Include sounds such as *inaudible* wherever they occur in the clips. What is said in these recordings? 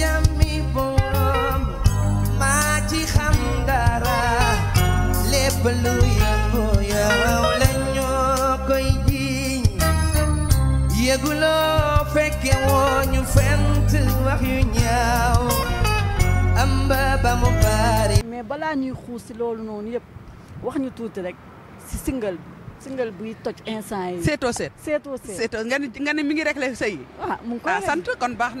c'est toi, c'est toi, c'est toi, lépp lu yëngu yow la ñoo koy jiñ yëguloo fekke woo rek si single bi singal buy toj instant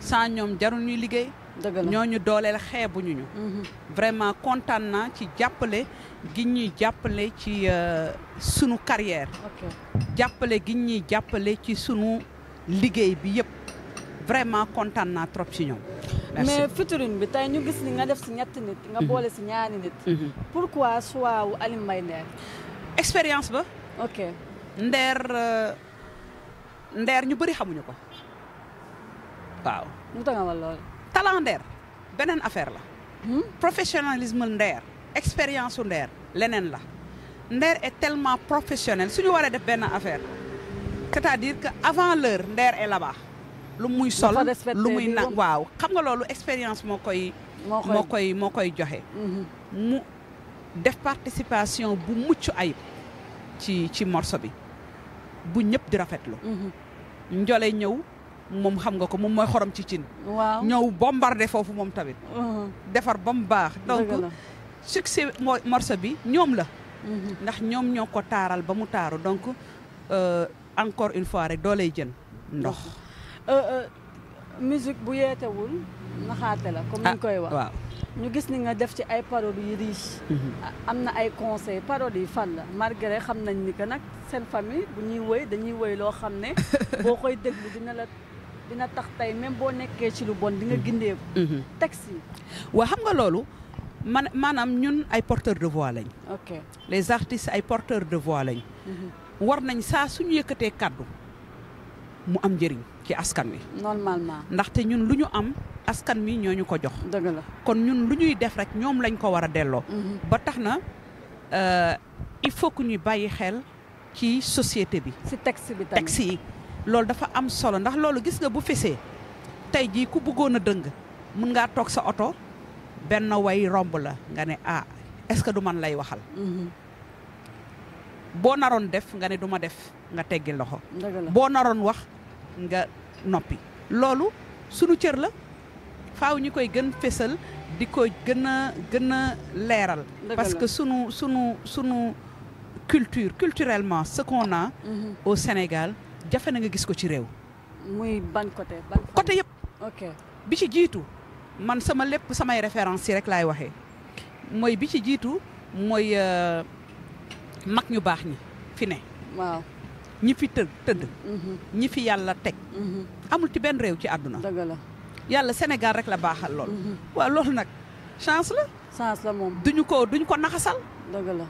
sans ñoom jarul ñuy liggéey. ñooñu dooleel xébu ñuñu mhm. vraiment kontaan na ci jappelé gi ñuy jàppale ci euh, sunu carrière. jappelé gi ñuy jàppale ci sunu liggéey bi yépp vraiment kontaan na trop ci ñom mais featuring bi tay ñu gis ni nga def ci ñetti nit. nga mhm. bolé ci ñaani nit. Mhm. pourquoi choix wu Alioune Mbaye Nder. expérience ba. ok Nder euh, Nder ñu bari xamuñu ko waaw mu tax nga talent ndeer affaire la hmm? professionnalisme ndeer expérience su ndeer leneen la ndeer est tellement professionnel suñu waree def ben affaire c'est-à-dire que avant l'heure ndeer est là-bas lu muy sol lu muy na waaw xam nga lolu expérience moo koy moo koy moo koy mhm. mu def participation bu muccu ayib ci ci morceau bi bu ñëpp di rafetlu mhm. njole ñew moom xam nga ko moom mooy xorom ci cin. waaw ñëw bombardé foofu moom tamit. Uh-huh. defar ba mu baax. donc succès morceau bi ñoom la. Uh-huh. ndax ñoom ñoo ko taaral ba mu taaru donc euh, encore une fois rek doo lay jën ndox. Uh-huh. Euh, euh, musique bu yeetewul naxaate la. comme ni ñu ah, koy wax ñu gis ni nga def ci ay parodies yu riche. am na ay conseils yi fan la malgré xam nañ ni que nag seen famille bu ñuy woy dañuy woy loo xam ne *laughs* boo koy déglu dina la. dina tax tey même boo nekkee ci lu bon di nga gindeeku. Mhm. taxi yi. waa xam nga loolu man maanaam ñun ay porteurs de voix lañ. ok ay porteurs de voix lañ. Mhm. war nañ saa suñu yëkkatee kàddu mu am njëriñ ci askan wi. normalement ndaxte ñun lu ñu am askan wi ñoo ñu ko jox. dëgg la kon ñun lu ñuy def rek ñoom lañ ko war a delloo. Mhm. ba tax na euh, il faut que ñu bàyyi xel ci société bi. si taxi bi tamit yi. loolu dafa am solo ndax loolu gis nga bu fessé ku dëng sa benn way nga ne ah, est-ce que du man lay waxal. Mhm. def nga ne du def nga teggi loxo. nga sunu cër la faaw ñu gën di ko gën parce que sunu sunu sunu culture culturellement ce qu'on a. Mhm. au Sénégal. jafe na nga gis ko ci réew. muy ban côté ban yëpp. ok bi ci jiitu man sama lépp samay référence yi rek laay waxee mooy bi ci jiitu mooy euh, mag ñu baax ñi fi ne. ñi fi të tëdd. Mhm. ñi fi yàlla teg. Mhm. amul ci benn réew ci àdduna. dëgg la yàlla Sénégal rek la baaxal lool. Mhm. waaw loolu nag chance la. chance la moom duñu ko duñu ko naxasal. dëgg la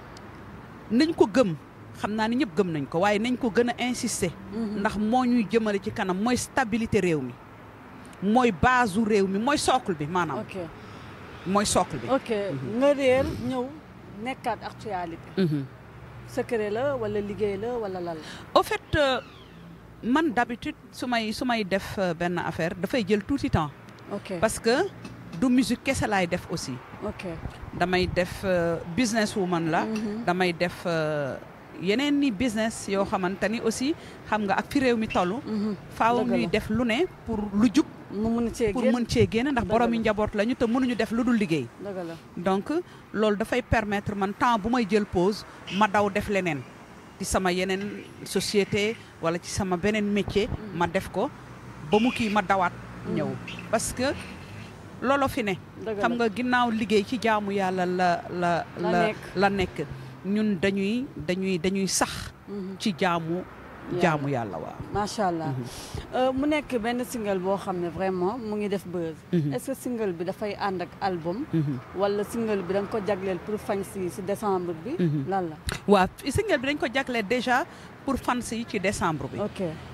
nañ ko gëm. xamna ni ñep gëm nañ ko waye nañ ko gëna insister. Mhm. ndax moo ñuy jëmale ci kanam moy stabilité réew mi mooy base réew mi mooy socle bi manam ok moy socle bi. ok mhm. nga réer ñëw nekkaat actualité. Mhm. secret la wala liggéey la wala lal au fait euh, man d'habitude sumay sumay def ben affaire da fay jël touti temps. ok parce que du musique kese laay def aussi. ok damay def euh, business woman la. damay def. yeneen ni business yoo xamante ni aussi xam nga ak fi réew mi toll. Mhm. faaw ñuy def lu ne pour lu jub. mu mën cee pour mën cee génn ndax borom yi njaboot lañu te mënuñu def lu dul liggéey. donc loolu dafay permettre man temps bu may jël pause ma daw def leneen ci sama yeneen societé wala ci sama beneen métier. ma def ko ba mu kii ma dawaat mhm. ñëw parce que looloo fi ne. xam nga ginnaaw liggéey ci jaamu yàlla la la la la nekk. ñun dañuy dañuy dañuy sax. Mhm. ci mhm. euh, single sais xamné vraiment mhm. est-ce que single bi un album album. single bi déjà pour décembre bi. lan single bi déjà pour décembre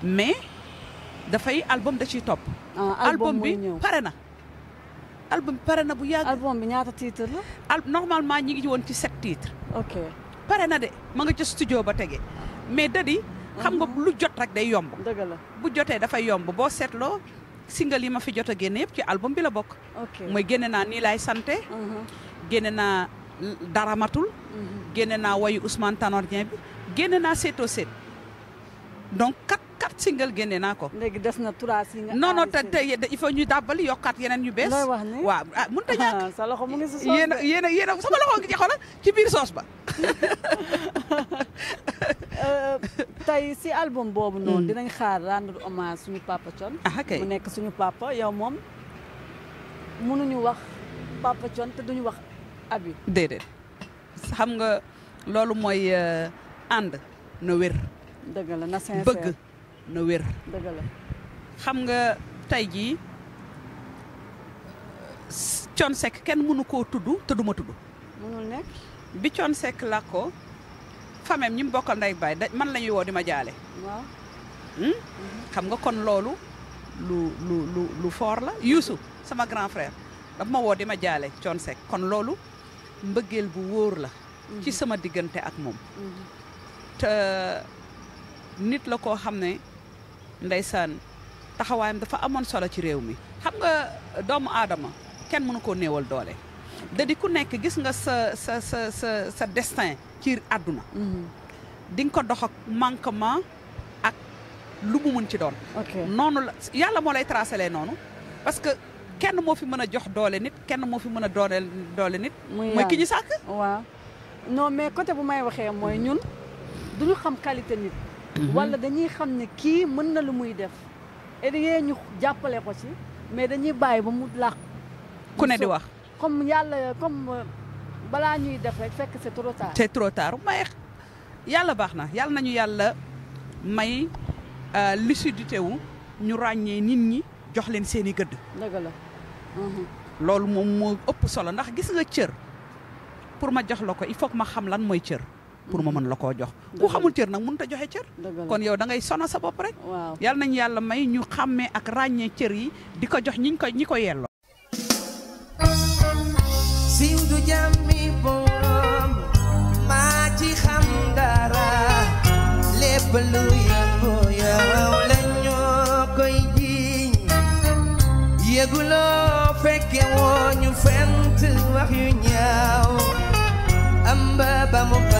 mais album da ah, un album bi top. album Parana. album bi ñaata titre normalement ñi ngi won sept titres. pare na de ma nga ca studio ba tege mais dadi xam nga mhm. lu jot rek day yomb. la bu jotee dafay yomb boo seetloo single yi ma fi jot a génne yëpp ci album bi la bokk. mooy génne naa nii laay sante. Mhm. génne na dara matul. Mhm. génne naa wayu Ousmane Tanor Dieng bi génne naa seetoo seet donc kat singal génne naa ko. léegi des na 3 yi non non ta te il faut ñu dabali yokkaat yeneen yu bees. looy wax ni waaw ah mënut a *laughs* sa loxo mu ngi si soos yena yena sama loxo ngi ci ci bir sos ba. *laughs* tay si album bobu non mm. dinañ xaar rendre hommage suñu papa chon ah, mu nek suñu papa yow mom mënu ñu wax papa chon te duñu wax abi. dedet xam nga lolu moy and euh, na wér. deug la na sincère bëgg. na wér. xam nga tey jii Thione Seck kenn mënu koo tudd te du ma tudd. bi Thione Seck làkkoo famem ñi mu bokkal ndey baay man la ñuy woo di ma jaale. waaw. Hmm? xam nga kon loolu lu lu lu foor la yuusu sama grand frère daf ma woo di ma jaale Thione kon loolu mbëggeel bu wóor la. Hmm. ci sama diggante ak moom. Hmm. te nit la koo xam ne. ndeysaan taxawaayam dafa amoon solo ci réew mi xam nga doomu aadama kenn mënu koo néewal doole da ku nekk gis nga sa sa sa sa sa destin ci àdduna mhm. di nga ko dox ak manquement ak lu mu ci doon noonu la yàlla moo lay tracelee noonu parce que kenn moo fi mën a jox doole nit kenn moo fi mën a dooleel doole nit mooy ki ñu sàkk waaw non mais côté bu may waxee mooy mhm. ñun duñu xam qualité nit Mm-hmm. wala dañuy xam ne kii mën na lu muy def et ñu jàppale ko si mais dañuy bàyyi ba mu làq ku ne di wax comme yàlla comme euh, balaa ñuy def rek fekk c'est trop tard c'est trop yàlla baax na yàlla nañu yàlla may euh, lucidité wu ñu ràññee nit ñi jox leen seeni i gëdd mm-hmm. loolu moom moo ëpp solo ndax gis nga cër pour ma jox la ko il foog ma xam lan mooy cër pour ma mën la koo jox ku xamul cër nag mënut a joxe cër kon yow da ngay sono sa bopp rek yàlla nañ yàlla may ñu xàmmee ak ràññee cër yi di ko jox ñiñ ko ñi ko yelloo siiw du jàmmi borom maa ci xam dara lépp lu yëngu yow fekke woo ñu fent wax yu ñaaw amba ba mu